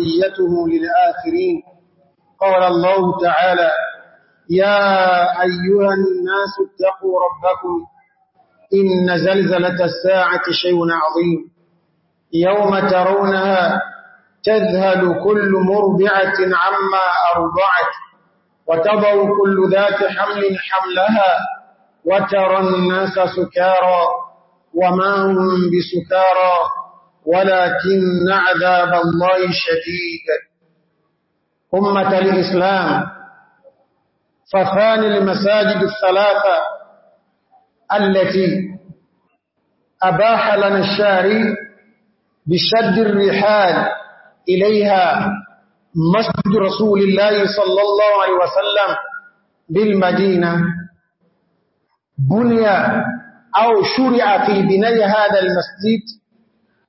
وصيته للآخرين قال الله تعالى يا أيها الناس اتقوا ربكم إن زلزلة الساعة شيء عظيم يوم ترونها تذهل كل مربعة عما أرضعت وتضع كل ذات حمل حملها وترى الناس سكارا وما هم بسكارا ولكن عذاب الله شديد أمة الإسلام فخان المساجد الثلاثة التي أباح لنا الشاري بشد الرحال إليها مسجد رسول الله صلى الله عليه وسلم بالمدينة بني أو شرع في بني هذا المسجد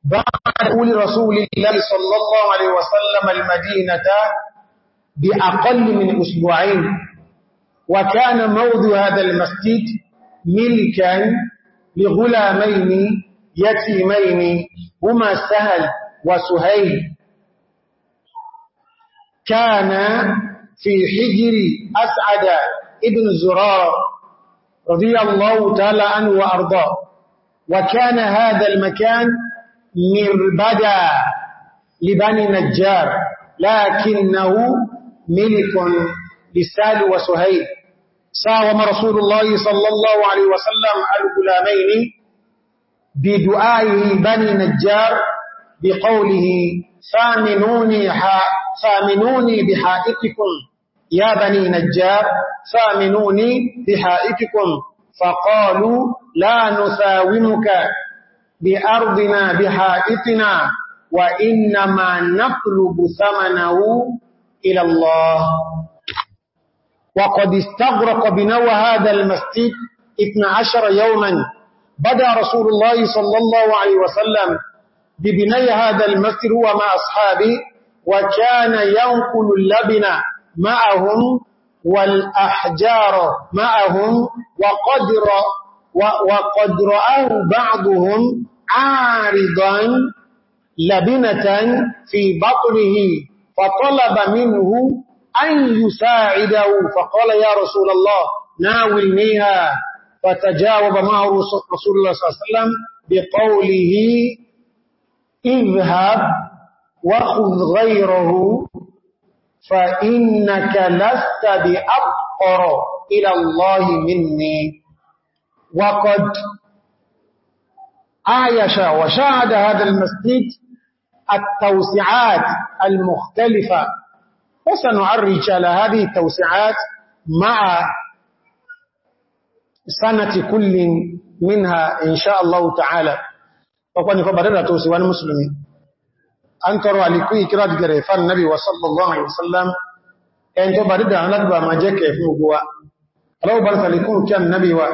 بعد أول رسول الله صلى الله عليه وسلم المدينة بأقل من أسبوعين وكان موضع هذا المسجد ملكا لغلامين يتيمين هما سهل وسهيل كان في حجر أسعد ابن زرار رضي الله تعالى عنه وأرضاه وكان هذا المكان مربدا لبني نجار لكنه ملك لسال وسهيل ساوم رسول الله صلى الله عليه وسلم الغلامين بدعائه بني نجار بقوله فامنوني, فامنوني بحائككم يا بني نجار فامنوني بحائككم فقالوا لا نساومك بأرضنا بحائطنا وإنما نطلب ثمنه إلى الله وقد استغرق بنو هذا المسجد 12 يوما بدأ رسول الله صلى الله عليه وسلم ببني هذا المسجد هو مع أصحابه وكان ينقل اللبن معهم والأحجار معهم وقدر وقد رآه بعضهم عارضا لبنة في بطنه فطلب منه أن يساعده فقال يا رسول الله ناولنيها فتجاوب معه رسول الله صلى الله عليه وسلم بقوله اذهب وخذ غيره فإنك لست بأبقر إلى الله مني وقد عايش وشاهد هذا المسجد التوسعات المختلفة وسنعرج على هذه التوسعات مع سنة كل منها إن شاء الله تعالى وقال نفا بدأت توسوى المسلمين أن ترى لكي كراد جريفان النبي صلى الله عليه وسلم أن تبرد عن لقبة ما جاك يفوقوا لو برث لكي كان نبي وقال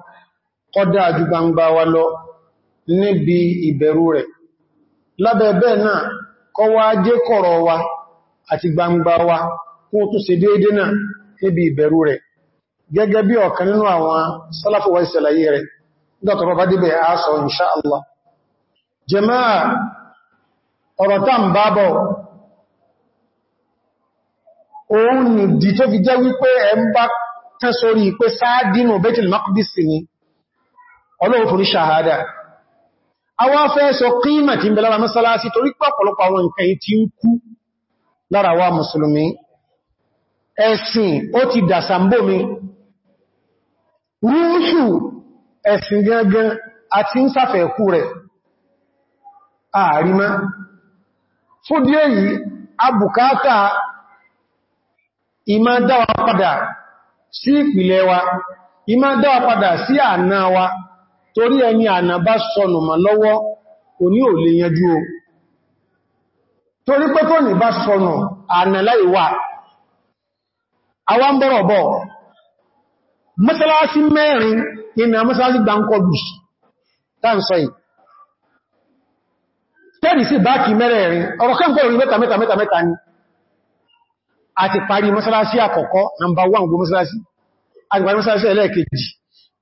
kọ́dá àjú gbangba wa lọ níbi ìbẹ̀rù rẹ̀ lábẹ̀ẹ́bẹ̀ náà kọ́ wá jẹ́ kọ̀rọ̀ wa àti gbangba wa kó tó ṣe déédé náà níbi ìbẹ̀rù rẹ̀ gẹ́gẹ́ bí ọ̀kan nínú àwọn sálàfù wa ìṣẹ̀làyé rẹ̀ dọ́tọ̀rọ̀ bá débẹ̀ àásọ insha ọlọ́run fún ṣàhádà awá fẹ́ sọ kíìmà tí ń bẹ lára mọ́sálásí torí pọ̀pọ̀lọpọ̀ àwọn nǹkan yìí tí ń kú lára wa mùsùlùmí ẹ̀sìn ó ti dàsàmbómi rúúsù ẹ̀sìn gangan àti ń sàfẹ̀ẹ́kú rẹ̀ ààrímá fún díẹ̀ yìí abùkátà ìmá dáwà padà sí ìpìlẹ̀ wa ìmá dáwà padà sí àná wa torí ẹni ànàbá sọnù mà lọ́wọ́ òní ò lè yanjú o torí pé tó ní bá sọnù ànàlá ìwà àwọn bọ́rọ̀bọ̀ mọ́sálásí mẹ́rin ìmẹ̀ mọ́sálásí gbáǹkọ́bù táǹsọ́ì tẹ́rì sí báàkì mẹ́rẹ̀ẹ̀rin ọ̀rọ̀ kẹ́ǹkọ́ orí mẹ́ta mẹ́ta mẹ́ta mẹ́ta ni a ti parí mọ́sálásí àkọ́kọ́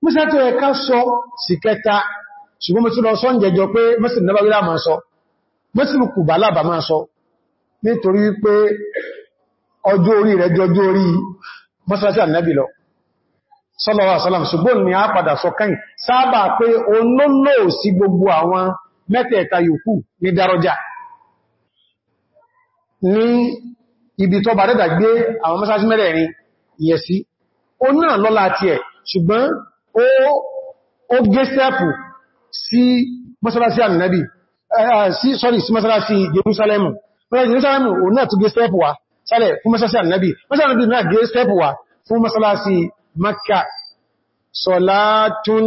Mísà tó ẹ̀ká sọ sí kẹta, ṣùgbọ́n mo tún lọ sọ́n jẹjọ pé Mẹ́sìn Nàbàwílá máa sọ, Mẹ́sìn Kùbà lábà máa sọ, nítorí pé ọjọ́ orí rẹ̀ jọjọ́ orí mọ́sálásí Ànábì lọ. Sallallahu alaihi wasallam ṣùgbọ́n ni a padà sọ kẹ́yìn sábà pé onólò sí gbogbo àwọn mẹ́tẹ̀ẹ̀ta yòókù ní ṣùgbọ́n ó gé sẹ́pù sí mọ́sálásí ànìyàn eh, eh, sí sọ́rì sí mọ́sálásí Jerúsálẹ́mù Jerúsálẹ́mù ò náà tó gé sẹ́pù wá sálẹ̀ fún mọ́sálásí ànìyàn mọ́sálásí náà gé sẹ́pù wá fún mọ́sálásí Makka sọ̀látún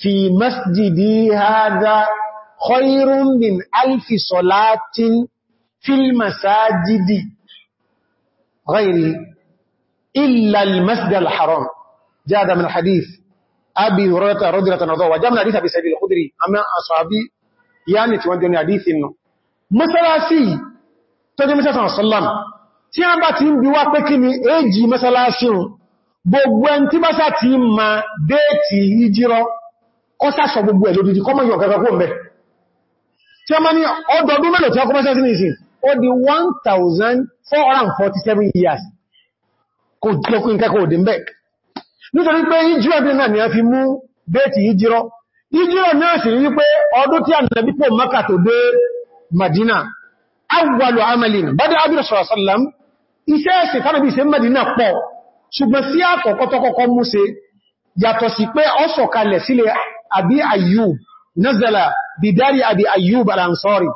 fi masjidi hada khairun min alfi sọ̀látín fil ghairi illa al-masjid al-haram جاء من حديث أبي هريرة رضي الله عنه وجاء من حديث أبي سعيد الخدري أما أصحابي يعني تواندون حديث إنه mọ́sálásí tó jẹ́ mẹ́sàtàn sallam tí a bá ti ń bí wá pé kí ni èjì mọ́sálásí rùn gbogbo ẹn tí mọ́sá ti ma déètì ìjírọ kọ́ sásọ gbogbo ẹ̀ lódìdí kọ́ mọ́yàn tí a má ní ọdọọdún mẹ́lẹ̀ tí a kọ́ mọ́sálásí ní ìsìn ó di 1447 years kò jẹ́ kí n kẹ́kọ̀ọ́ òdí nítorí pé ìjírọ̀ bí náà ni a fi mú bẹ́ẹ̀tì ìjírọ̀ ìjírọ̀ náà sì rí pé ọdún tí Ànábì pò Mákà tó dé Madina awwalu amalin bada abir sallam iṣẹ́ ẹ̀sìn tánàbí iṣẹ́ Madina pọ̀ ṣùgbọ́n sí àkọ́kọ́ tọ́kọ́kọ́ mú Abi Ayyub nazala bidari Abi Ayyub al-Ansari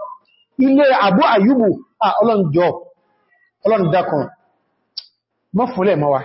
Abu Ayyubu a ọlọ́njọ́ ọlọ́ndakùn mọ́fúnlẹ̀ mọ́wàá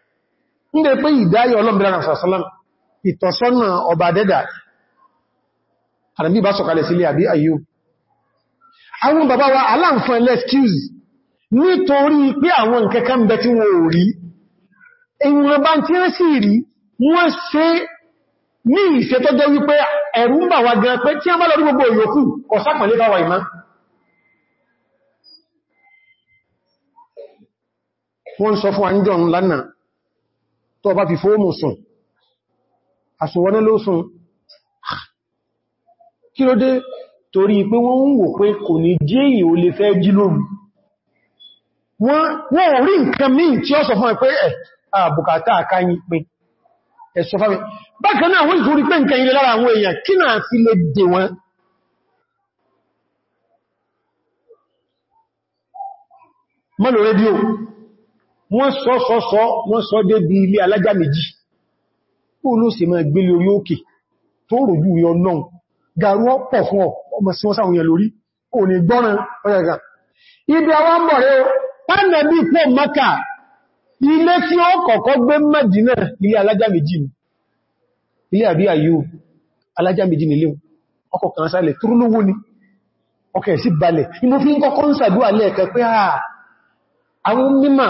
nílé pé ìdáyẹ ọlọ́mìnira sàṣálàm ìtọ̀sọ́nà ọba dẹ́dà àdàbí bá sọ̀kalẹ̀ sílé àbí ayú àwọn bàbá wa aláǹfàn lẹ́skúz nítorí pé àwọn nkẹ́kẹ́ ń bẹ tí wọ́n ò rí ìwọ̀n bá tí wọ́n sì rí wọ́n ṣe ní ìṣẹ́ tó jẹ́ wípé ẹ̀rù ń bà wá gan pé tí a bá lórí gbogbo òyòkú ọ̀sápọ̀lé bá wà ìmá wọ́n sọ fún àníjọ̀ ńlá tó bá fi fóòmù sùn àsùnwọ́ná ló sùn kí ló dé torí pé wọ́n ń wò pé kò ní jẹ́ èyí ò lè fẹ́ jí lóòrùn wọ́n ò rí nǹkan míì tí ó sọ fún ẹ pé ẹ̀ eh, àbùkátà àkáyín pé ẹ̀sọ fámi bákan náà wọ́n mọ́lò rédíò wọ́n sọ sọ sọ wọ́n sọ dé bí ilé alájá méjì ó ló sì máa gbélé orí òkè tó ròjú rí ọ̀nà gàrú ọ̀pọ̀ fún ọmọ sí wọ́n sáwọn èèyàn lórí kò ní gbọ́ràn ọ̀rẹ̀gà ibi àwọn mọ̀rẹ́ pánàbí pọ̀ maka ilé tí ó kọ́kọ́ gbé Mẹ́dínà ilé alájá méjì ọkọ̀ kan sálẹ̀ tó lówó ni ọkẹ̀ sí balẹ̀ ni fi ń kọ́kọ́ ń sàdúwà lẹ́ẹ̀kẹ́ pé àwọn mímọ̀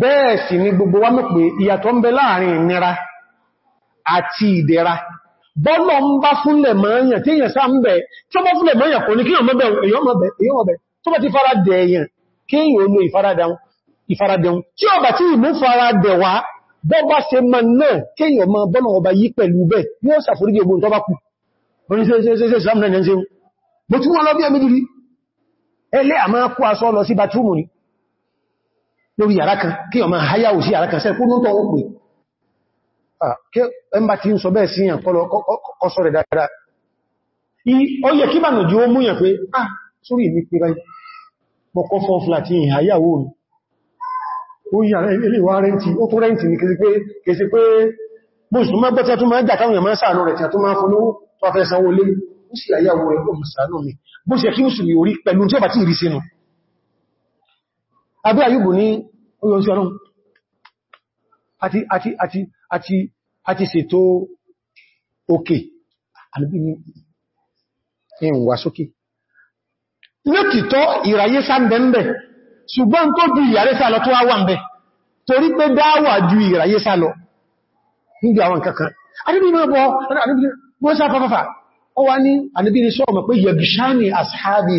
bẹ́ẹ̀ sì ni gbogbo wa mọ̀ pé ìyàtọ̀ ń bẹ láàrin ìnira àti ìdẹ̀ra bọ́lọ̀ ń bá fúnlẹ̀ mọ́yàn tí èyàn sáà ń bẹ̀ tí ó bá fúnlẹ̀ mọ́yàn kò ní kí èyàn tó bá ti faradà èyàn kí èyàn olú ìfaradẹun tí ó bá ti ìmú faradẹ̀ wá bọ́ bá ṣe mọ́ náà kí èyàn mọ́ bọ́lọ̀ ọba yí pẹ̀lú bẹ́ yóò ṣàforíjì lórí yàrá kan kí ọmọ hayáwò sí yàrá kan sẹ́ kúrò tó wọ́n pè ẹmbà tí ń sọ bẹ́ẹ̀ sí yàn kọ́sọ̀ rẹ̀ dáadáa ó yẹ kí bànà jí ó múyàn pé ah sórí ìní pé báyìí mọ́kọ́ fún fúlà tí ìhàyàwó rẹ̀ ó yàrá ilé wá rẹ́ntì ó tún rẹ́ntì ní kèsí pé bóṣùn mọ́ bẹ́tẹ́ tún máa jà káwọn èèyàn sáà rẹ̀ tí a tún máa fún lówó tó afẹ́ sanwó lé sì àyàwó orí pẹ̀lú tí ó bá tí ìrísínú abẹ́ ayúbù ní orílẹ̀-èdè ọlọ́run àti àti àti àti àti ṣètò òkè àlúbí ní ìwà sókè lókìtọ́ ìràyé sáàbẹ̀m̀bẹ̀ ṣùgbọ́n tó ju ìyàrẹ́ sálọ tó wà mẹ́ torí pé dáwà ju ìràyé sálọ níbi àwọn kankan adébí náà bọ́ adébí náà bọ́ ó wá ní adébí ní sọ́ọ̀mọ̀ pé yẹ̀bìṣáni ashabi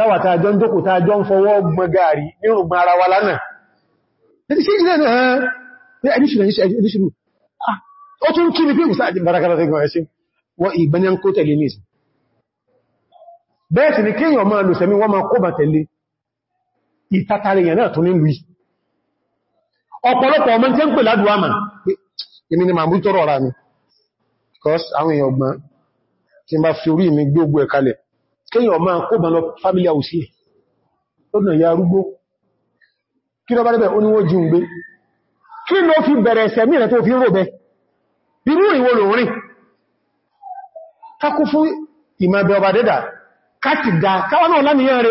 láwà tàà jọ ń jókò tàà jọ ń fọwọ́ gbọ́n gààrí nírùngbọ́n ara wa lánàá bẹ́ẹ̀sì ah, ni kíyàn máa lò sẹ́mí wọ́n máa kó bà tẹ̀lé ìtàtàrí èèyàn náà tún ní lùí ọ̀pọ̀lọpọ̀ ọmọ tí ń pè ládùwà mà èmi ni màmú tọ́rọ ọ̀rá mi because àwọn èèyàn ọgbọ̀n tí ń bá fi orí mi gbogbo kéyàn máa kó bàn lọ family house yẹ lọ́dún ìyá arúgbó kí lọ bá lẹ́bẹ̀ oníwọ́ jí ń gbé kí lọ fi bẹ̀rẹ̀ ẹ̀sẹ̀ mìíràn tó fi ń rò bẹ irú ìwò lò rìn fún ìmọ̀bẹ̀ ọba dẹ́dà káti dá káwà náà lánìyàn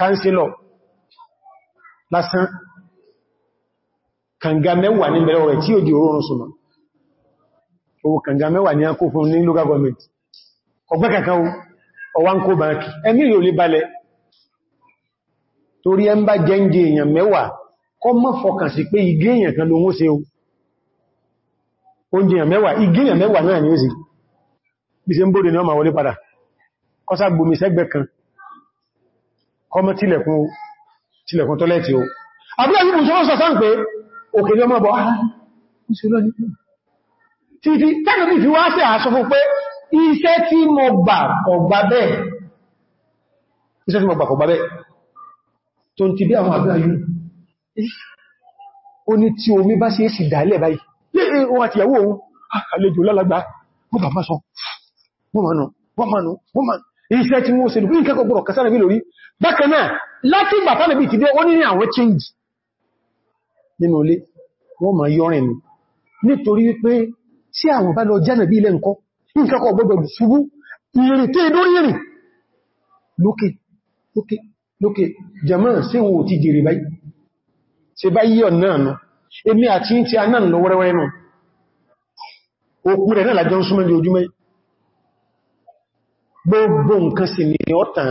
kánsílọ̀ lásán kànga mẹ́wàá ní bẹ̀rẹ̀ rẹ̀ tí ó di oòrùn súnmọ̀ owó kànga mẹ́wàá ní àkó fún ní local government ọgbẹ́ kankan ọwá ń kó báńkì ẹmí yóò lè balẹ̀ torí ẹ ń bá jẹ́ǹdì èèyàn mẹ́wàá kọ́ mọ́ fọkàn sí pé igé èèyàn kan ló ń ṣe oúnjẹ èèyàn mẹ́wàá kọmọ tilẹ̀kùn tọ́lẹ̀tì o abúlé yìí mùsùlùmí sọ sáà ń pé òkè ní ọmọ bọ̀ ara mùsùlùmí títí tẹ́lẹ̀bí fi wá sí àṣọ fún pé iṣẹ́ tí mo gbà kọ̀gbà bẹ́ẹ̀ tó ń ti bí àwọn abúlé yìí ó ní tí omi bá sí èsì dálẹ̀ báyìí wọ́n àti ìyàwó iṣẹ́ tí wọ́n ṣe lùkú ìkẹ́kọ̀ọ́ gbọ́rọ̀ kẹsàrà bí lórí bákanáà láti bàtà lè bí ti dé ó ní ní àwọn change nínú ilé wọ́n ma yọrin ni nítorí wípé tí àwọn bá lọ jẹ́nà bí ilẹ̀ nǹkan ìkẹ́kọ̀ọ́ gbọ́dọ̀ ṣubú ìrìn tí lórí ìrìn lókè lókè lókè jẹ́mọ́ sí wọn ò ti jèrè báyìí ṣe bá yíọ̀ náà nù èmi àti ń ti anáà lọ wẹ́rẹ́wẹ́rẹ́ náà òkú rẹ̀ náà lájọ́ ń súnmọ́ ní ojúmọ́ gbogbo nǹkan sì ni ọ̀tàn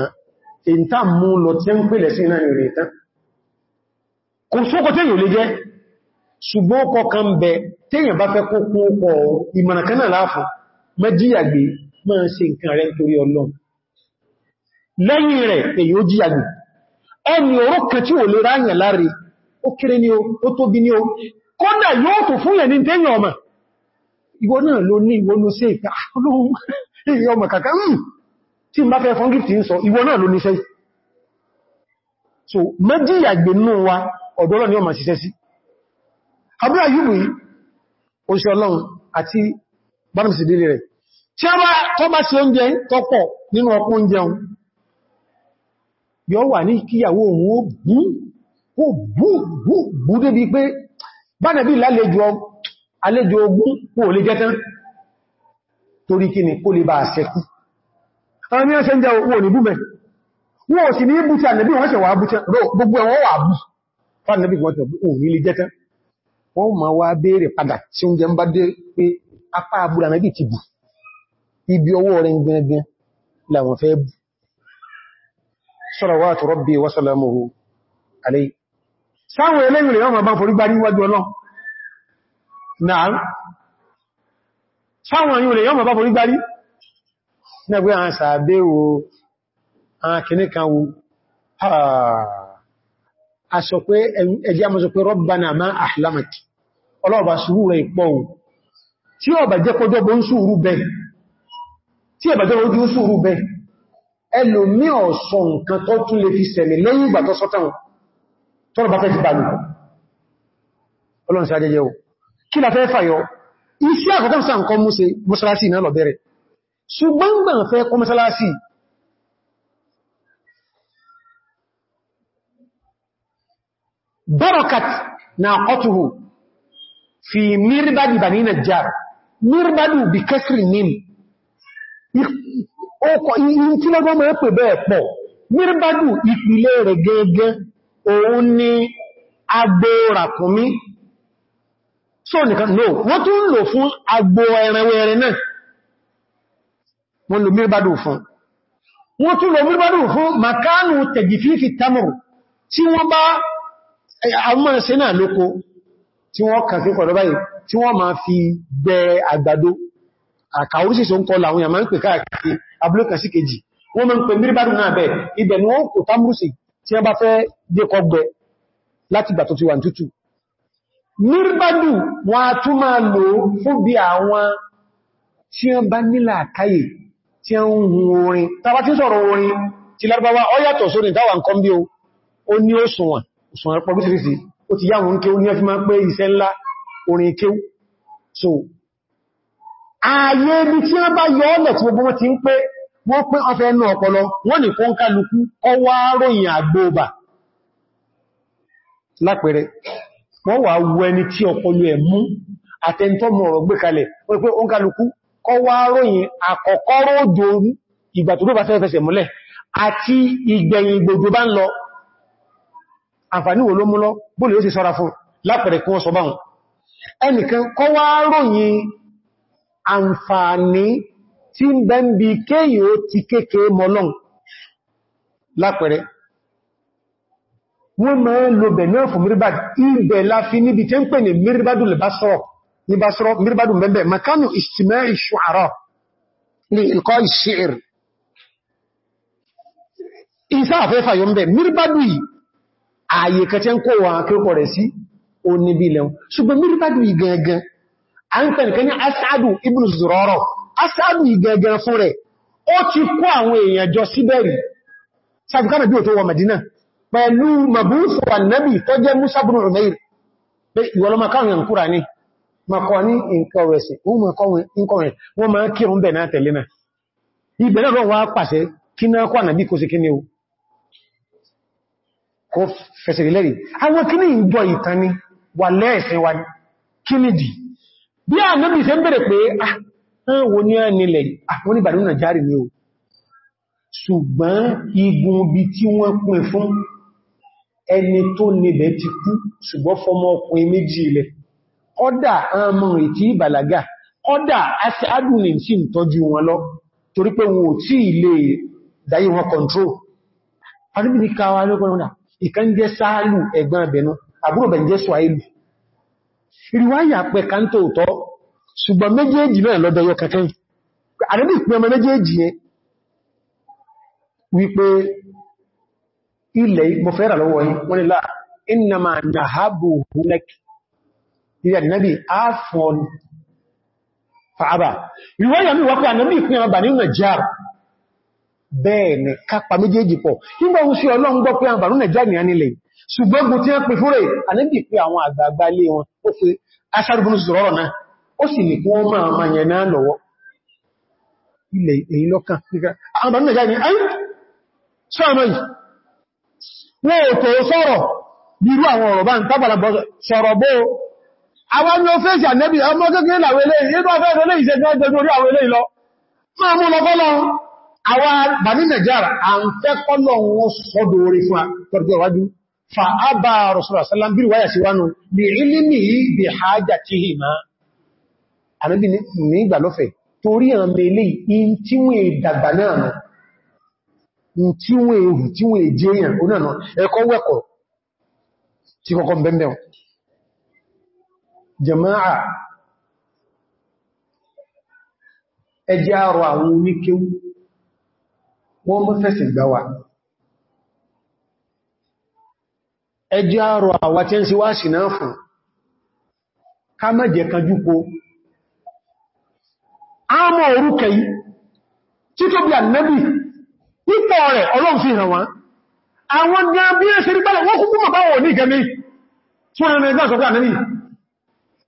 èyí tá mú lọ tí ń pèlẹ̀ sí náà rẹ̀ tán kò sókò tí yóò lè jẹ́ ṣùgbọ́n ọkọ̀ kan bẹ téèyàn bá fẹ́ kókún ọkọ̀ ìmọ̀nàkánà láàfún mẹ́jíyàgbé máa o ó tóbi ní o kódà yóò tó fún yẹn ní téèyàn ìwọ náà ló ní ìwọ sí ìpá ah, ọlọ́run ọmọ kàkà tí n bá fẹ́ fún gift ń sọ ìwọ náà ló níṣẹ́ so méjì ìyàgbé nínú wa ọ̀dọ́rọ̀ ni ó máa ṣiṣẹ́ sí abúrà yúbù oṣù ọlọ́run àti bánàmìsì délé rẹ̀ tí a bá tọ́ bá sí oúnjẹ tọ́pọ̀ nínú ọkùn oúnjẹ un yóò wà ní kíyàwó òun ó bú bú bú débi pé bánàbí lálejò torí kí ni kó lè bá àṣẹ́kù àwọn ẹ̀ṣẹ́ ń jẹ́ owó ní búmẹ̀ wọ́n sì ní bútí ànàbí wọ́n ṣe wà bútí gbogbo ẹ̀wọ́n wà bú fánàbí wọ́n tẹ̀ òun nílé jẹ́kẹ́ wọ́n ma wá béèrè padà tí oúnjẹ ń bá dé pé apá abúrà ibi ọwọ́ rẹ̀ gbẹ̀gbẹ̀ làwọn sáwọn ma bá forí nígbé àwọn sàábé wo àwọn kìíní kan wo ah, a sọ pé ẹjẹ́ a mọ́ sọ pé Rabbana ma ahlamaki ọlọ́ọ̀bà sùúrù rẹ̀ pọ̀ ohun tí ọba jẹ́ kọjọ́ bó ń sùúrù bẹ́ tí ọba jẹ́ ojú sùúrù bẹ́ ẹlòmí ọ̀sọ̀ nǹkan tó tún lè fi sẹ̀mì lẹ́yìn ìgbà tó sọ́tàn ṣùgbọ́n gbọ́n fẹ́ kọ́ mọ́sálásí barakat na ọtuhu fi mirbadi bani najjar mirbadu bi kẹsìrì mim ọkọ̀ yìí tí lọ́gbọ́n mọ́ pẹ̀ bẹ́ẹ̀ pọ̀ mirbadu ìpìlẹ̀ rẹ̀ gẹ́gẹ́ òun ni agbóòràkúnmí so nìkan no wọ́n tún lò fún agbó ẹranwẹ̀rẹ̀ náà wọ́n lo mírbádù fún wọ́n tún lo mírbádù fún makánù tẹ̀gìfífì tamuru tí wọ́n bá àwọn ṣe náà lóko tí wọ́n kà sí kọ̀dọ̀ báyìí tí wọ́n máa fi bẹ àgbàdo àkàwúrísìsò ń kọlà àwọn yàmá ń pè káàkiri abúlókà sí kejì wọ́n máa ń pè mírbádù náà bẹ̀ ibẹ̀ ni wọ́n a tún máa lò fún bí àwọn tí wọ́n bá nílà káyè tí ó ń hun orin tàbá tí sọ̀rọ̀ orin ti Lárúbáwá ọ yàtọ̀ sórin táwà ń kọ́ bí o ní ó sùnwọ̀n sùnwọ̀n pọ̀ bíṣìrísì ó ti yáwọn kí ó ní ọfí máa pé iṣẹ́ ńlá orin kí so ààyè ibi tí wọ́n bá yọ ọ́lẹ̀ tí gbogbo wọn ti ń pé wọ́n pé ọfẹ́ ẹnu ọpọlọ wọ́n ní kún kálukú ọ wá ròyìn àgbóòbà lápẹẹrẹ wọ́n wà wọ ẹni tí ọpọlọ ẹ̀ mú àtẹntọ́mọ̀ ọ̀rọ̀ gbé kalẹ̀ wọ́n pé ó ń kálukú wá ròyìn àkọ́kọ́rọ̀ òjò ìgbà tó bá fẹ́fẹsẹ̀ múlẹ̀ àti ìgbẹ̀yìn gbogbo bá ń lọ àǹfàní wo ló mú lọ bóòlù ó sì sọ́ra fún lápẹ̀rẹ̀ kún ọsọ báhùn ẹnìkan kọ́ wá ròyìn àǹfàní tí ń bẹ́ ń wọ́n máa ń lo bẹ̀ náà fún mirbad láfi níbi tí ń pè ní mirbadul basọ́ọ̀ ní Basra mirbadu bẹ̀bẹ̀ makanu istima'i shu'ara ní ilkọ́ ìṣìír isa afẹ́fà yọ mẹ́ mirbadu yìí ààyè kẹtẹ́ ń kó wọn akẹ́kọ̀ọ́ rẹ̀ sí o níbi ilẹ̀un ṣùgbọ́n mirbadu yìí gangan a ń pẹ̀lẹ̀kẹ́ ní asadu ibn zuroro asadu yìí gangan fún rẹ̀ ó ti kó àwọn èèyàn jọ síbẹ̀rì sáfikánà bí ò tó wọ Madina jẹ́ Musa bin Umair ìwọlọ́mọ káwọn yàn kúrà ní makọ̀ ní nǹkan ọ̀rẹ̀sì wọ́n máa kírùn bẹ̀ náà tẹ̀lé náà ibẹ̀ náà wọ́n pàṣẹ kí náà kọ́ ànàbí kò sí kí ni wà lẹ́ẹ̀sìn wa kí ní dì bí ànàbí ṣe ń bẹ̀rẹ̀ pé àwọn ah, ah, ní ànilẹ̀ àwọn ní bàdúnà járì ni o ṣùgbọ́n igun bí tí wọ́n pín fún ẹni tó níbẹ̀ ti kú ṣùgbọ́n fọmọ ọkùnrin méjì ilẹ̀ ọdá ọmọ ìtí balaga ọdá a si sí ń wọn lọ torí pé wọn ò tí ilé dáyé wọn kọ̀ntró àríbìníkàwà lọ́gbọ̀nà ìkan jẹ́ sáàlù ẹ̀gbọ́n abẹnú àbúrò swahili yọ ilẹ̀ lọ́wọ́ yìí wọ́n ni láà nahabu ìrìnàbí áfọn fa'aba ìwọ́yà mi wọ́pẹ́ ànàbí ìpín àwọn bà nínú nàìjíríà bẹ́ẹ̀ ni kápa méjèèjì pọ̀ nígbà oúnṣe ọlọ́run gbọ́ pé àwọn bà nínú nàìjíríà ní anílẹ̀ ṣùgbọ́n gbogbo tí wọ́n pè fúrẹ̀ ànàbí pé àwọn àgbààgbà ilé wọn ó fi aṣárùgbọ́n sọ̀rọ̀ náà ó sì ní kí wọ́n máa ma àwọn ní ọfẹ́sì ànẹ́bì ọmọ kékeré làwọn ilé inú ọfẹ́ ilé ìṣẹ́gbẹ́ ọjọ́ orí àwọn ilé lọ máa mú lọ fọ́lọ́ àwọn bàní nàìjíríà à ń fẹ́ kọ́lọ̀ fa ábà rọ̀sọ̀rọ̀ sálám bí wáyà ilimi bí hajjá tí hì máa ànẹ́bì ní ìgbà lọ́fẹ̀ torí àmì ilé in tí wọ́n dàgbà náà nà tí wọ́n èrù tí wọ́n èjèèyàn onáà ẹ̀kọ́ wẹ́kọ̀ọ́ tí kọ́kọ́ bẹ́m̀bẹ̀rún jama'a ẹjẹ́ àrọ àwọn oníkéwú wọ́n mọ́ fẹ́sì gbáwà ẹjẹ́ àrọ àwà tí ń sí wáṣì náà fún ká mẹ́jẹ kanjúpo àmọ́ orúkẹ yìí tí tó bí ànẹ́bì pípọ̀ rẹ̀ ọlọ́run fi àwọn gan bí ẹ̀ṣẹ̀ rí pẹ́lẹ̀ wọ́n kúkú mọ̀ báwọn ní ìgẹ́mí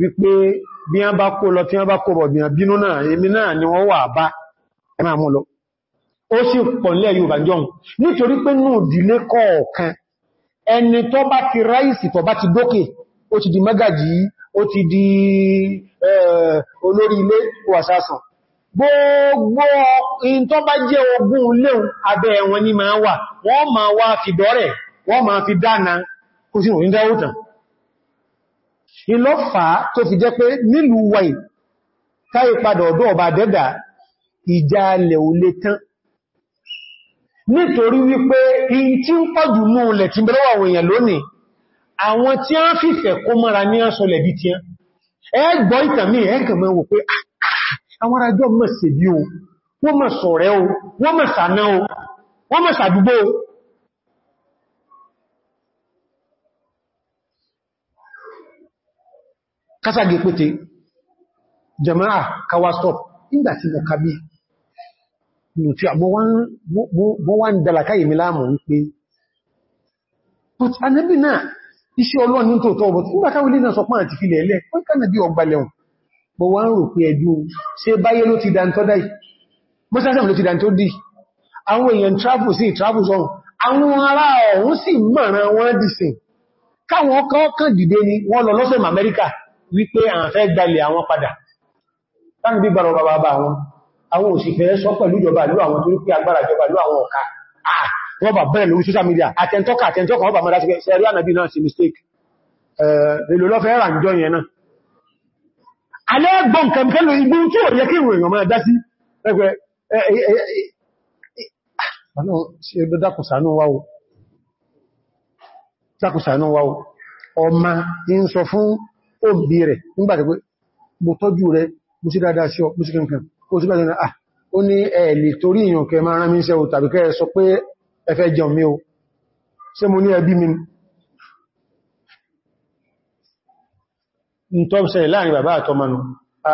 wípé bí wọ́n bá kó lọ tí wọ́n bá kó bọ̀ bí bínú náà èmi náà ni wọ́n wà bá ẹ máa mú lọ ó sì pọ̀nlẹ̀ Yorùbá jọun nítorí pé nù ìdílé kọ̀ọ̀kan ẹni tó bá ti ráìsì tó bá ti dókè ó ti di mágàjí ó ti di olórí ilé wàsásàn gbogbo in tó bá jẹ́ ogún léun abẹ́ wọn ni máa wà wọ́n máa wá fi ìlọ́fà tó fi jẹ́ pé nílùú wáyé káyí padà ọ̀dọ́ ọba dẹ́dà ìjà alẹ̀ tán nítorí wípé in tí ń pọ̀jù ní ilẹ̀ tí bẹ́rẹ̀ àwọn lónìí àwọn tí a ń fìfẹ́ kó mọ́ra ní ọ́sọlẹ̀ bí tí ẹ gbọ́ ìtàmí ẹ̀kàn mẹ́wò pé ah, ah, àwọn arájọ́ kásàgé pété jama'a kawa stop nígbà tí mo kàbí lò tí àmọ́ wá ń dalaka yìí miláàmù wípé but anábì náà iṣẹ́ ọlọ́ni tó tọ́ ọ̀bọ̀ tí ó bá káwílé náà sọpá àti filẹ̀ ẹlẹ́ wọ́n kánàbí ọgbà lẹ́hùn bọ̀ wá ń rò pé ẹjú ṣe báyé ló ti dántọ́ dáì mọ́sásàmì ló ti dántọ́ dì àwọn èèyàn travel sí travel zone àwọn ará ọ̀hún sì mọ̀ràn wọ́n dìsìn káwọn kọ́ọ̀kan dìde ni wọ́n lọ lọ́sẹ̀ Amẹ́ríkà wípé àwọn fẹ́ gbalẹ̀ àwọn padà láti bí gbàrọ̀ bàbá bá wọn àwọn òsì fẹ́ sọ pẹ̀lú ìjọba lú àwọn torí pé agbára ìjọba lú àwọn ọ̀ka wọ́n bà bẹ̀rẹ̀ lórí social media àtẹntọ́kà àtẹntọ́kà wọ́n bà mọ́dá sí ẹ̀rí ànàbí náà sí mistake èlò lọ́fẹ́ rà ń jọ yẹn náà alẹ́ gbọ́n kẹmkẹ́ lórí igbó tí ò yẹ kí ìròyìn ọmọ ẹ̀dá sí ẹgbẹ́ ẹ̀ẹ́ ọmọ ń sọ fún ó bí rẹ̀ nígbàtí pé mo tọ́jú rẹ̀ mo sí dáadáa sí ọ mo sí kẹ́kẹ́ ó sí gbàtí ah ó ní ẹ̀ẹ̀lì torí èèyàn kẹ máa rán mi iṣẹ́ o tàbí kẹ́ sọ pé ẹfẹ́ jẹun mi o ṣe mo ní ẹbí mi tó ṣẹlẹ̀ láàrin bàbá àtọmọ nù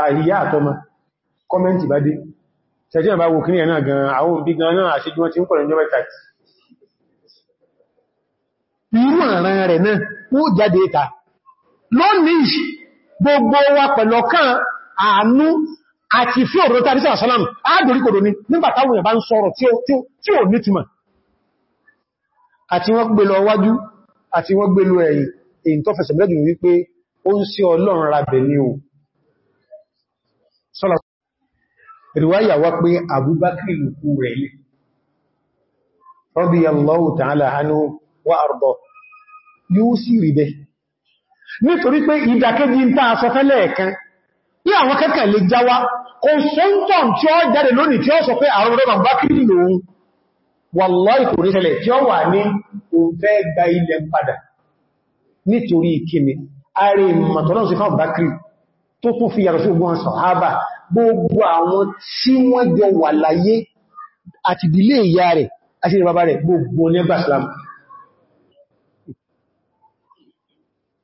àríyá àtọmọ kọ́mẹ́ntì bá dé tẹ̀jẹ́ bá wo kí ní ẹ̀nà gan àwọn òbí gan náà àṣíjú wọn ti ń pọ̀lẹ̀ ìjọba ìtàkì irú àrán rẹ̀ náà ó jáde ìta lónìí gbogbo wa pẹ̀lọ́kàn àánú àti fí òrò tàbí sàásánàmù àádòríkòdò ní nígbàtàwọn ìyàbá ń sọ̀rọ̀ tí ò nítumọ̀ àti wọ́n gbé lọ wájú àti wọ́n gbé lọ ẹ̀yìn èyí tó fẹsẹ̀ mẹ́jù wípé ó ń sí ọlọ́run rabẹ̀ ní o sọ́lá ìrìwáyà wá nítorí pé ìdàkejì ń tàà sọ fẹ́lẹ̀ ẹ̀kan ní àwọn kẹ́kẹ́ lè jáwá kò sọ́ntọ̀n tí ó jáde lónìí tí ó sọ pé àrùn rọ́bà bá kìí lòun wàláì kò ríṣẹ́lẹ̀ tí ó wà ní òun fẹ́ gba ilẹ̀ padà nítorí ìkíni ààrẹ ìmọ̀tọ̀lọ́run sí fáwọn bákìrì tó tún fi yàrá sí ogun sàhábà gbogbo àwọn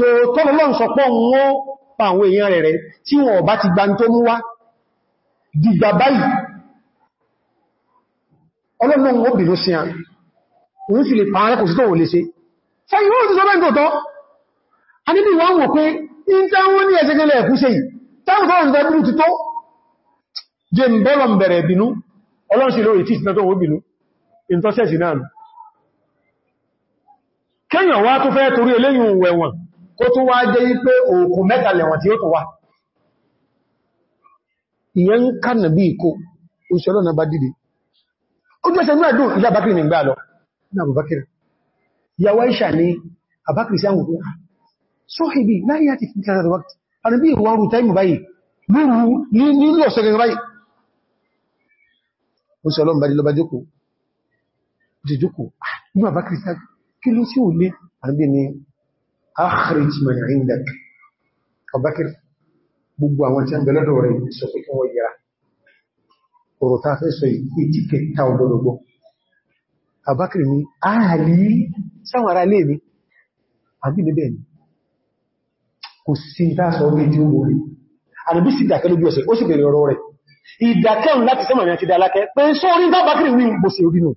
tó tọ́lọ́lọ́n sọ pọ́ wọ́n pa àwọn èèyàn rẹ̀ rẹ̀ tí wọ́n bá ti gba tó mú wá dìgbà báyìí ọlọ́run wọ́n bìnú sí à òun sì lè pààrẹ kò sí tó wò lè ṣe fẹ́yìn wọ́n ti sọ bẹ́ẹ̀ tó a níbi wọ́n wọ́n pé in táwọn kẹ́yàn wá tó fẹ́ torí eléyìn wẹ̀wọ̀n kó tún wá jẹ́ wípé òkú mẹ́ta lẹ̀wọ̀n tí ó tó wà ìyẹn kànà bí ikó òṣèlú na bá dìde ó jẹ́ sẹ́nú ẹ̀dùn ilé àbákìrì ní gbá lọ ní àbúbákìrì yàwó ìṣà ní àbákìrì sí àwọn òkúnra ah, sóhìbì láyé akhrij man indak Abubakar gbogbo àwọn tí ń bẹ lọ́dọ̀ rẹ̀ sọ pé kí wọ́n yẹra ọ̀rọ̀ ta fẹ́ sọ ìtí kẹta ọgbọ̀lọgbọ̀ Abubakar ní ààlì sáwọn ará lè ní àbí níbẹ̀ ni kò sí dáṣọ méjì ó wọlé àdàbí sí ìdàkẹ́ lójú ẹsẹ̀ ó sì bẹ̀rẹ̀ ọ̀rọ̀ rẹ̀ ìdàkẹ́un láti sẹ́mọ̀ ní àti dálákẹ́ pé sórí bá Abubakar wí gbòsè orí nù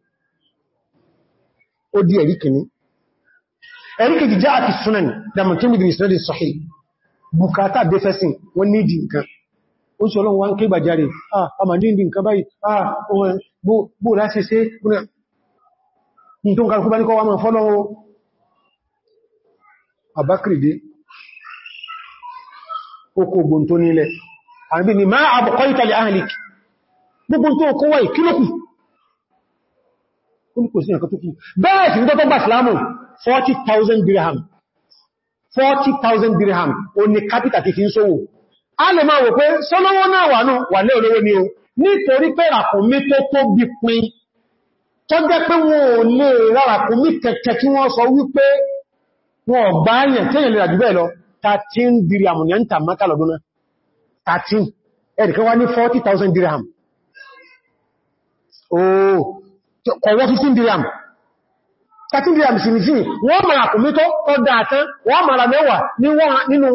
ó di ẹ̀rí kìíní ẹ̀ríkèjì já àti sunan dàmàtí mìdìrì ìsìnlẹ̀ sọ̀hì bukata defesin wọ́n ní ìdí nǹkan ó sì ọlọ́run wá ń ké gbàjáre a ma ní ìdí nǹkan báyìí bó láti ṣe nǹkan kàrùkú bá ní kọ́ wá ni máa àbùkọ́ ìtàlẹ̀ ahìlik gbogbo tó kó wáyìí kí lókù ó ní kò sí nǹkan bẹ́ẹ̀ sí ní tó tó 40,000 dirham 40,000 dirham o ní kápítà ti fi ń ṣòwò a lè máa wò pé sọ́lọ́wọ́ náà wà náà wà lé olówó ni o nítorí pé ràkúnmí tó tó bí pin tó jẹ́ pé wọn ò lè ràkúnmí kẹ̀kẹ́ tí wọ́n sọ wípé wọn ọ̀gbáyàn tí èyàn lè ràjú bẹ́ẹ̀ lọ 13 dirham ní ẹ̀ntà maka lọ́dún náà 13 ẹ̀rìkẹ́ wá ní 40,000 dirham ooo kọ̀wọ́ 15 dirham 13 dirhams ní sí wọ́n mara kò mítọ́ ọdá àtán wọ́n mara mẹ́wàá nínú 1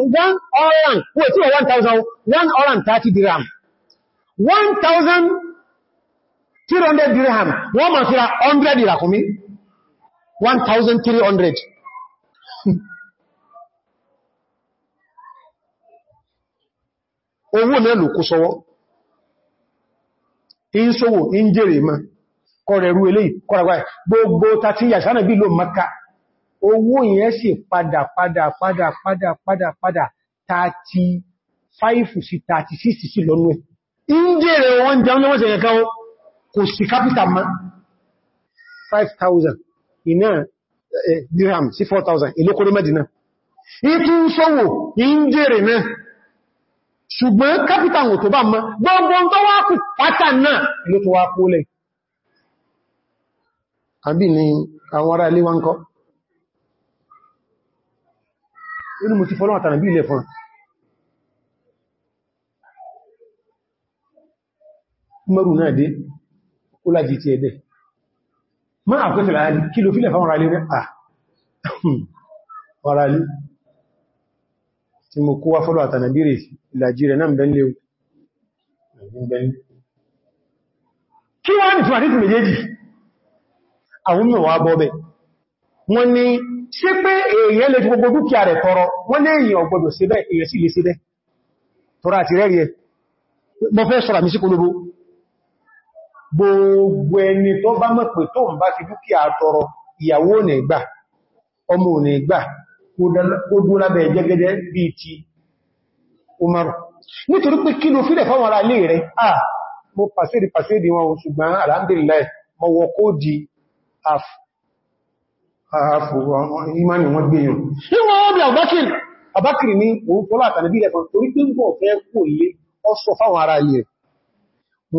oran wò tí wọ́n 1,000 1 oran 30 dirham 1,200 dirham wọ́n mara fíra 100 ìràkùnmí 1,300 owó mẹ́lù kó sọwọ́ in sọwọ́ in jèrè máa kọrẹ̀rú ilé kọrẹ̀wáì gbogbo tàti yàṣánà bí ló maka owó yẹn sì padà padà padà padà padà padà 35 sí 36 sí lọ́nà ìjẹ́rẹ̀ wọ́n jẹun lọ́wọ́ sẹ̀yẹ̀ kan kò sí kápítà ma 5,000 iná eh, dirham sí 4,000 ilókòrò mẹ́dínà ìtú sọ́wọ́ ìjẹ́rẹ̀ náà ṣùgbọ́n kápítà wọ́n tó bá mọ́ gbogbo tó wá kù pátá náà ló tó wá kó lẹ́yìn àbí ni àwọn ará ilé wa ń kọ́ ó ní mo ti fọ́lọ́wà tàbí ilẹ̀ fún mọ́rù náà dé ó lájí ti ẹ̀dẹ̀ ma àpẹẹsẹ̀ láàrín kí ló fílẹ̀ fáwọn ará ilé rẹ̀ ah, à kí wá ní tí wà méjèèjì àwọn mìíràn wá bọ́bẹ̀ wọ́n ní ṣé pé èèyàn lè fi gbogbo dúkìá rẹ̀ tọrọ wọ́n lè èèyàn gbọdọ̀ ṣe bẹ́ẹ̀ èèyàn sì lè ṣe bẹ́ẹ̀ tọrọ àti rẹ́rí ẹ mọ́ fẹ́ sọ́rọ̀ mi sí kólóbó gbogbo ẹni tó bá mọ̀ pé tó ń bá ti Umaru ah mo pàṣẹ́dì pàṣẹ́dì wọn ṣùgbọ́n alhamdulillah mọ́wọ́ ìmáni wọn gbéyàn. Níwọ̀n wọ́n bí àbákìrì, àbákìrì ní òun fọ́lá àtànàbí ilẹ̀kan torí pé ń bọ̀ fẹ́ kò lé ọ́sọ fáwọn ará ilẹ̀.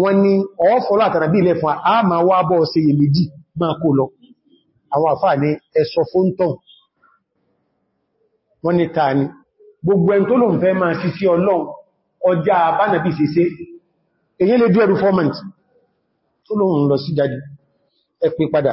Wọ́n ní ọ́fọ́lá àtànàbí ilẹ̀kan a ma wá bọ́ ṣe yè méjì máa kó lọ. Àwọn àfáà ní ẹsọ fóntọ̀n. Wọ́n ní ta ni, gbogbo ẹni tó lòun fẹ́ máa ṣiṣẹ́ ọlọ́run, ọjà abánàbí ṣeṣe, èyí lè dúẹ̀rù fọ́mẹ̀ntì tó lòun lọ sí jáde, ẹ pé padà.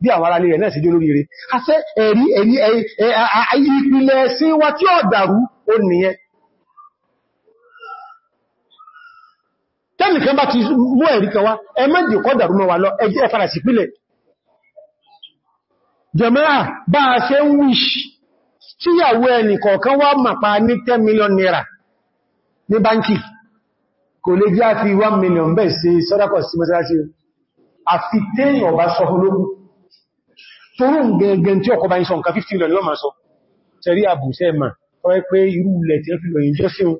bí àwọn ará rẹ̀ náà sí jólórí rẹ̀. a fẹ́ ẹ̀rí ẹ̀rí ìpìlẹ̀ sí wa tí ó dàrú ó nìyẹn tẹ́nìkan bá ti mú ẹ̀rí kan wá ẹ má jẹ́ kó dàrú mọ́ wa lọ ẹjẹ́ ẹ̀fàrà sí pìlẹ̀ jẹ̀mẹ́rà bá a ṣe ń wíṣ tíyàwó ẹnì kọ̀ọ̀kan wá màpa ní 10 million naira ní báńkì kò lè jẹ́ àfi 1 million bẹ́ẹ̀ sí sọ́dákọ̀ sí mọ́sára sí àfi téèyàn bá sọ lógún torú gẹ̀gẹ̀n tí ọkọ̀ bá ń sọ nǹkan 15 lọ ni wọ́n máa sọ tẹ̀rí àbùsẹ́ ma ọwẹ́ pé irú ilẹ̀ tí ó fi lọ́yìn jọ síun